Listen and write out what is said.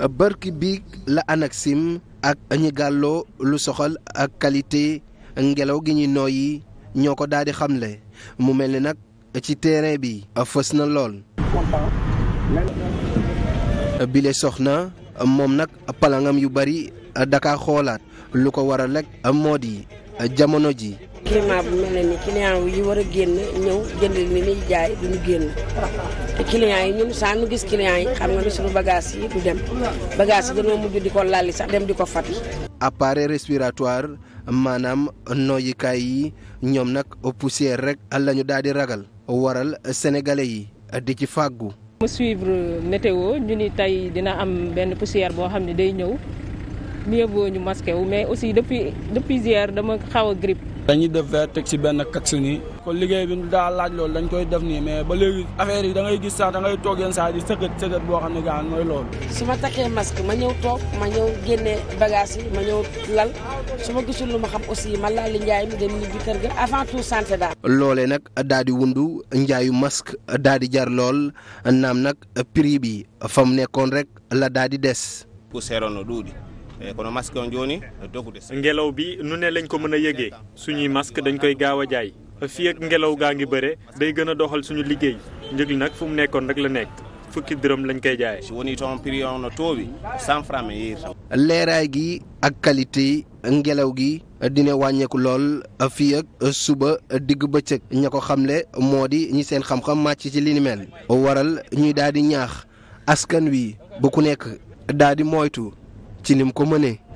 bërki biig la ANACIM ak ñi gàlloo lu soxal ak qualité ngelaw gi ñuy nooyi ñoo ko daal xamle mu mel ni nag ci terrain bi fës na lool. bile soxna moom nag palangam yu bari daka xoolaat lu ko waral rek moo di jamono ji. climat bu mel client yi war a génn ñëw jënd li ñuy jaay duñu génn te client yi ñun saa nu gis client yi xam nga ne suñu bagage yi du dem bagage yi dañoo mujj di ko lalli sax dem di ko fati appareil respiratoire maanaam noyyikaay yi ñoom nag poussière rek la ñu daal di ragal waral sénégalais yi di ci fàggu mu suivre météo ñu ni tey dina am benn poussière boo xam ne day ñëw mieux vaut ñu masqué mais aussi depuis depuis dama xaw grippe dañuy def verre teg ci benn kaks nii. kon liggéey bi daa laaj loolu dañ koy def nii mais ba léegi affaire yi da gis sax da ngay toog yenn saa yi di sëkkat sëkkat boo xam ne gaan mooy loolu. su ma takkee masque ma ñëw toog ma ñëw génne bagage yi ma ñëw lal su ma gisul lu ma xam aussi ma laal li njaay mi dem ñibbi kër ga avant tout santé daal. loolee nag daa di wundu njaayu masque daa di jar lool naam nag prix bi fa mu nekkoon rek la daa di des. ku seeroon la duudi. Eh, kono masque on joni eh, ngelaw bi nu ne lañ ko mën a yëgee suñuy masque dañ koy gaaw a jaay fii ak ngelaw gaa ngi bëre day gën a doxal suñu liggéey njëg li nag fu mu nekkoon rek la nekk fukki dërëm lañ koy jaay woni toon prix on toowi cent franc mi yeeri leeraay gi ak qualité ngelaw gi dina wàññeeku lool fii ak suba digg bëccëg ña ko xamle moo di ñi seen xam-xam màcc ci li ni mel waral ñuy daal di ñaax askan wi bu ku nekk daal moytu ci nim ko mënee